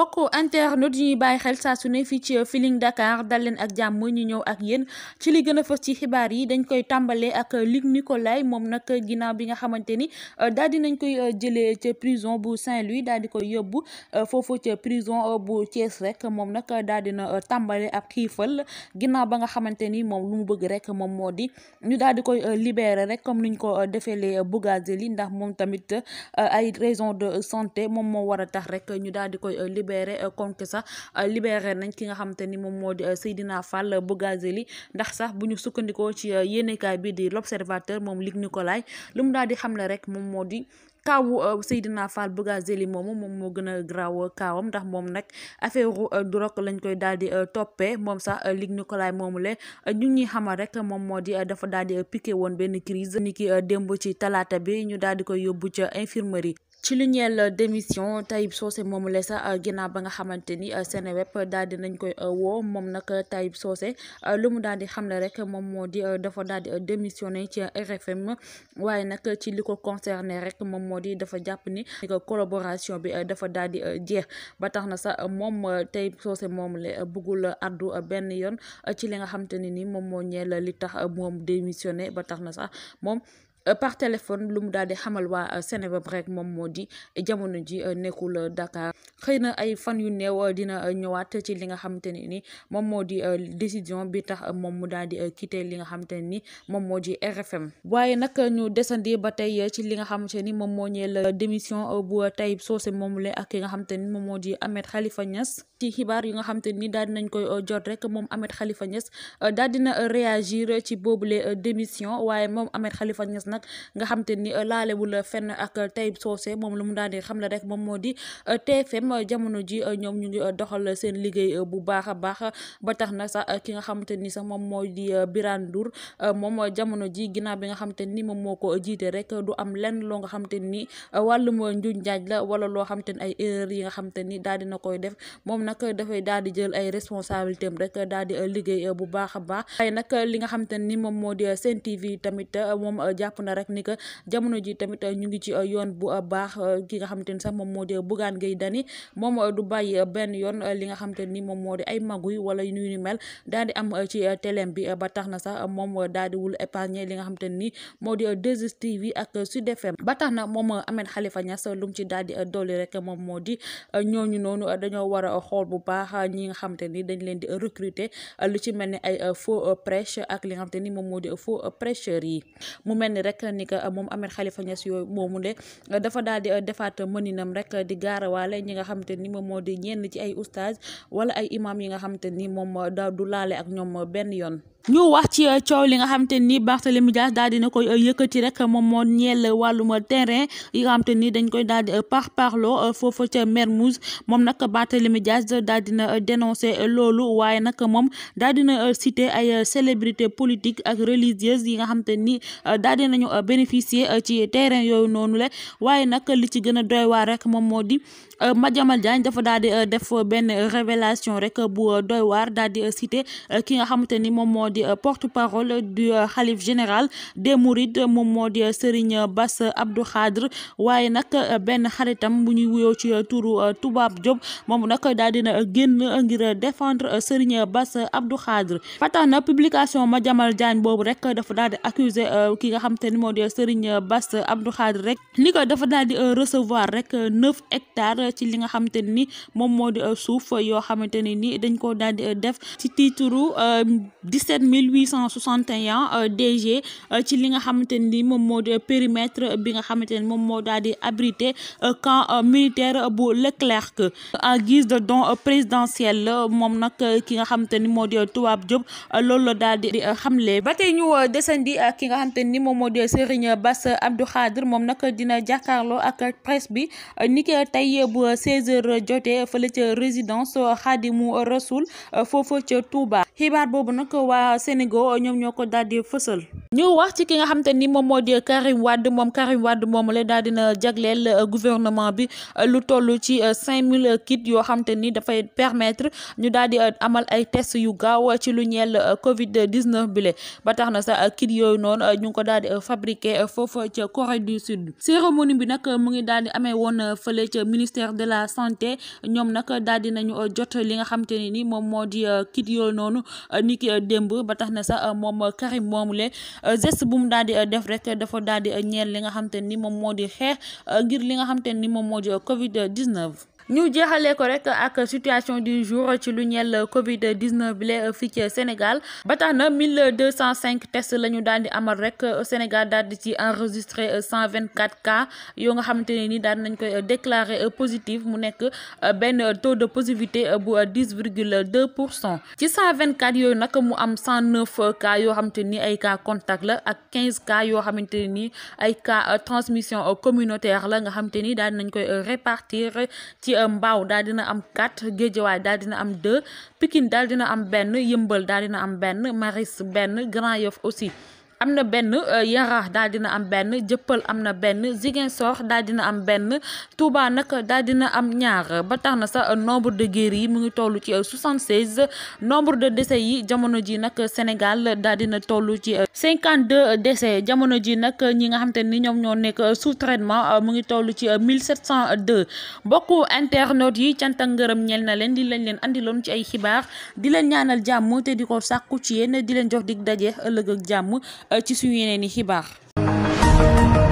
bokk mbokku internet yu ñuy bàyyi xel saa su ne fii ci Feeling Dakar dal ak jàmm ñu ñëw ak yéen ci li gën a fës ci xibaar yi dañ koy tàmbalee ak Luc Nicolaï moom nag ginnaaw bi nga xamante ni euh, daal di nañ koy euh, jëlee ca prison bu Saint-Louis daal di koy yóbbu euh, foofu ca prison bu Thiès rek moom nag daal dina tàmbale ak xiifal ginnaaw ba nga xamante ni moom lu mu bëgg rek moom moo di ñu daal di koy libeere rek comme niñ ko defee defeelee Bougazelli ndax moom tamit ay raison de santé moom moo war tax rek ñu daal di koy libérer libéré Conté euh, sax euh, libéré nañ ki nga xamante ni moom moo di euh, Seydina Fall Bougazelli ndax sax bu ñu sukkandikoo ci yéenekaay bi di l'Observateur moom Luc Nicolaï lu mu daal di xam ne rek moom moo di kaawu Seydina Fall Bougazelli moomu moom moo gën a graw kaawam ndax moom nag affaire drogue lañ koy daal di toppee moom sax Luc Nicolaï moomu le ñu ñuy xamal rek moom moo di dafa daal di piqué woon benn crise ni ki démb ci talaata bi ñu daal di koy yóbbu ca infirmerie ci lu la euh, démission Tahib Socé moom le sax euh, ginnaaw ba nga xamante ni euh, Seneweb daal di nañ koy woo moom nag Tahib Socé lu mu daal di xamle rek moom moo di dafa daal di démissionné ci RFM nag ci li ko concerné rek moom moo di dafa jàpp ni collaboration bi dafa daal di jeex ba tax na sax moom Tahib soose moom la bëggul addu benn yoon ci li nga xamante ne ni moom moo ñeel li tax moom démissionné ba tax na sax moom Euh, par téléphone lu mu daal di xamal waa euh, Seneweb rek moom moo di jamono ji euh, nekkul Dakar. xëy na ay fan yu néew euh, dina euh, ñëwaat ci li nga xamante ne nii moom moo di décision bi tax moom mu daal di quitter li nga xamante ne ni moom moo di RFM euh, waaye nag ñu desandi ba tey ci li nga xamante ni moom moo ñeel démission bu Tahib Socé moom la ak ki nga xamante ni moom moo di Ahmed xalifa ñas ci xibaar yu nga xamante ni daal dinañ koy jot rek moom Ahmed Khalifa Niass daal dina réagir ci boobule démission waaye moom Ahmed Khalifa Niass nag nga xamante ni laalewul fenn ak Tahib Socé moom lu mu daal di xam la rek moom moo di TFM ñoom jamono ji euh, ñoom ñu euh, doxal seen liggéey euh, bu baax a baax ba tax na sax ki nga xamante ni sax moom moo di Birane Ndour moom jamono ji ginnaaw bi nga xamante ni moom moo ko jiite rek du am lenn loo nga xamante ni wàllum njuñ njaaj la wala loo xamante ni ay erreur yi nga xamante ni daal dina koy def moom nag dafay daal di jël ay responsabilité am rek daal di liggéey bu baax a baax waaye nag li nga xamante ni moom moo di Sen TV tamit moom jàpp na rek ni que jamono ji tamit ñu ngi ci yoon bu baax ki nga xamante ni sax moom moo di Bougane Gueye Dany moom euh, du bàyyi euh, benn yoon euh, li nga xamante ni moom moo di ay maguy wala daal di am ci ba tax na sax moom daal di wul épargner li nga xamante ni moo di 2STV ak Sud FM ba tax na moom Ahmed Khalifa Niass lu mu ci daal di dolli rek moom moo di ñooñu noonu dañoo war a xool bu baax ñi nga xamante nii dañ leen di recruter lu ci mel ni ay faux prêche ak li nga xamante ni moom moo di faux prêcheurs yi mu mel ni rek ni que moom Ahmed Khalifa Niass yooyu moomu de dafa daal di defaat mëninam rek di gaarawaale ñi nga xamante ni moom moo di ñenn ci ay oustaz wala ay imam yi nga xamante ni moom daa du laale ak ñoom benn yoon ñu wax ci eh, coow li nga xamante ni Barthélémy Dias daal dina koy eh, yëkkati rek moom moo ñeel wàllum terrain yi nga xamante ni dañ koy daal di eh, par parloo foofa ca Mermoz moom nag Barthélémy Dias daal dina dénoncé loolu waaye nag moom daal na cité ay célébrité politique ak religieuse yi nga xam xamante ni na dinañu bénéficier ci terrain yooyu noonu le waaye nag li ci gën a doy rek moom moo di Madiambal Diagne dafa daal di def benn révélation rek bu doy waar daal di cité ki nga xamante ni moom moo moo di euh, porte-parole du euh, xalif général des Mourides moom moo di euh, Serigne Bass Abdou Khadre waaye nag benn xaritam bu ñuy wuyoo ci turu tubaab Diop moom nag daal dina génn ngir défendre Serigne Bass Abdou Khadre fatax na publication ma jamal Diagne boobu rek dafa daal di accuser ki nga xam te ni moo di Serigne Bass Abdou Khadre rek ni ko dafa daal di recevoir rek neuf hectares ci li nga xam te ni moom moo di suuf yoo xamante ne ni dañ ko daal di def ci titre date 1861 DG ci li nga xamante ni moom moo di périmètre bi nga xamante ni moom moo daal di abrité euh, camp euh, militaire bu Leclerc en guise de don euh, présidentiel moom nag ki nga xamante ni moo di tubaab Diop loolu la daal di xamle ba tey ñu desandi ki nga xamante ni moom moo di Serigne Bass Abdou Khadir moom nag dina jàkkaarloo ak presse bi ni ki tey bu 16h jotee fële ca résidence mu Rassoul foofu ca Touba. xibaar boobu nag waa Sénégal ñoom ñoo ko daal di fësal. ñu wax ci ki nga xamante ni moom moo di Karim Wade moom Karim Wade moom la daal dina jagleel euh, gouvernement bi euh, lu toll ci 5000 euh, kits yoo xamante ni dafay permettre ñu daal di amal ay tests yu gaaw ci lu ñeel Covid 19 bi le ba tax na sa kit yooyu noonu ñu ngi ko daal di fabriqué foofu ca Corée du Sud. cérémonie bi nag mu ngi daal di amee woon fële ca ministère de la santé ñoom nag daal di nañu jot li nga xamante ne ni moom moo di kit yooyu noonu. Euh, ni ki euh, démb ba tax na sax euh, moom Karim moomule geste bu mu daal di def rek dafa daal di ñeel li nga xam te ni moom moo di xeex ngir li nga xam te ni moom moo di Covid 19. ñu jeexalee ko rek ak situation du jour ci lu ñeel Covid 19 bi la fii ci Sénégal ba tax na 1205 tests la ñu daal di amal rek Sénégal daal di ci enregistré 124 cas yoo nga xamante ne ni daal nañ koy déclaré positive mu nekk benn taux de positivité bu 10 virgule 2 pour cent ci 124 yooyu nag mu am 109 cas yoo xamante ni ay cas contact la ak 15 cas yoo xamante ne ni ay cas transmission communautaire la nga xamante ni daal nañ koy répartir ci. mbaaw daal dina am 4 géejawaay daal dina am 2 Pikine daal dina am benn yëmbal daal dina am benn maris benn Grand Yoff aussi am na benn euh, Yarax daal dina am benn Jëppal am na benn Ziguinchor daal dina am benn Touba nag daal dina am ñaar ba tax na sax euh, nombre de guéris yi mu ngi toll ci 76 euh, nombre de décès yi jamono ji nag Sénégal daal dina toll ci 52 décès jamono ji nag ñi nga xam te ni ñoom ñoo nekk sous traitement mu ngi toll ci 1702 bokku internautes yi cant ngërëm ñel na leen di lañ leen andiloon ci ay xibaar di leen ñaanal jàmm te di ko sàkku ci yéen di leen jox dig daje ëllëg ak jàmm ci su yeneen i xibaar